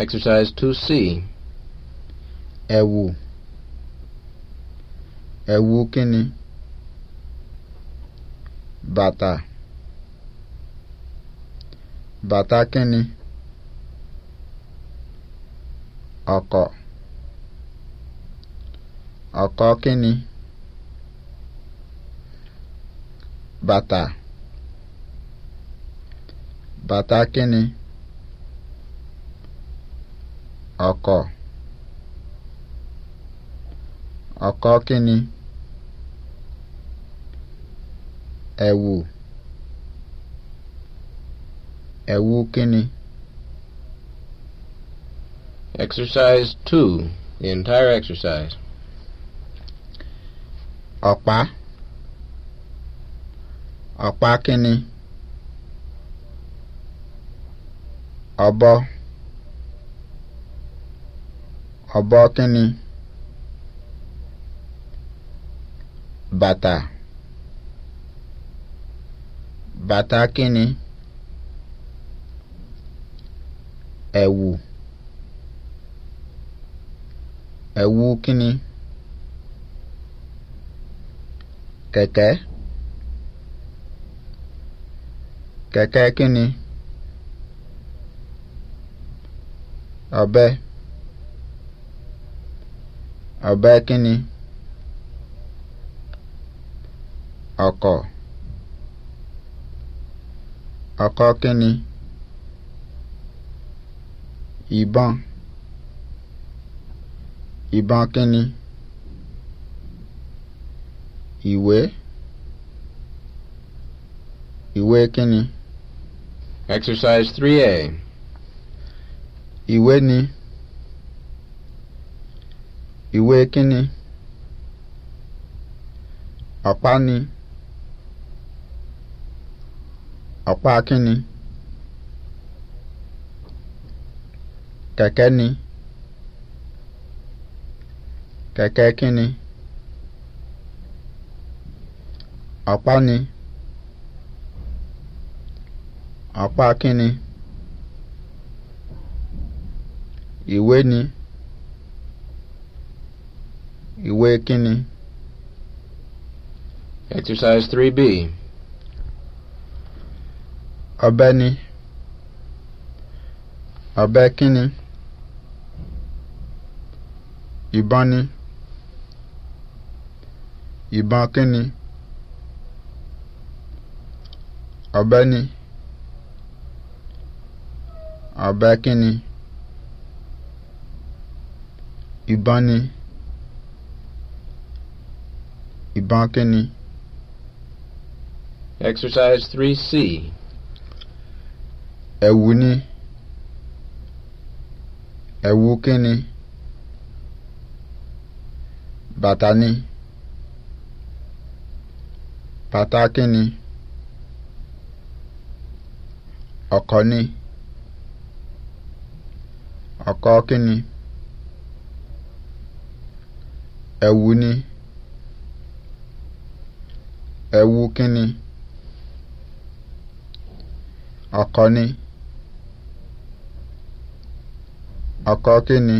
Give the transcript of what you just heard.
Exercise 2C. Ẹ̀wù. Ẹ̀wù kíni? Bàtà. Bàtà kíni? Ọ̀kọ̀. Ọ̀kọ̀ kíni? Bàtà. Bàtà kíni? ọkọ̀ ọkọ̀ kíni ẹ̀wù ẹ̀wù kíni. Exercise two, the entire exercise. ọ̀pá ọ̀pá kíni ọ̀bọ. ọbọkịnị bata bata kịnị ewu ewu kịnị kẹkẹ kẹkẹ kịnị ọbẹ. ọ̀bẹ́kíni ọkọ̀ ọkọ̀ kíni ìbọn ìbọn kíni ìwé ìwé kíni. exercise three a. ìwé ni. ìwé kínní ọ̀pá ni ọ̀pá kínní kẹ̀kẹ́ ni kẹ̀kẹ́ kínní ọ̀pá ni ọ̀pá kínní ìwé ni. Ọ̀pá ni ìwé kínni. exercise three b. ọ̀bẹ ni ọ̀bẹ kínni ìbọn ni ìbọn kínni ọ̀bẹ ni ọ̀bẹ kínni ìbọn ni. Ọ̀bẹ ìbọn kínni. exercise three c. ẹ̀wù ni ẹ̀wù kínni bàtà ni bàtà kínni ọkọ ni ọkọ kínni ẹ̀wù ni. Ọkọ ẹ̀wù kínni ọ̀kọ̀ ni ọ̀kọ̀ kínni.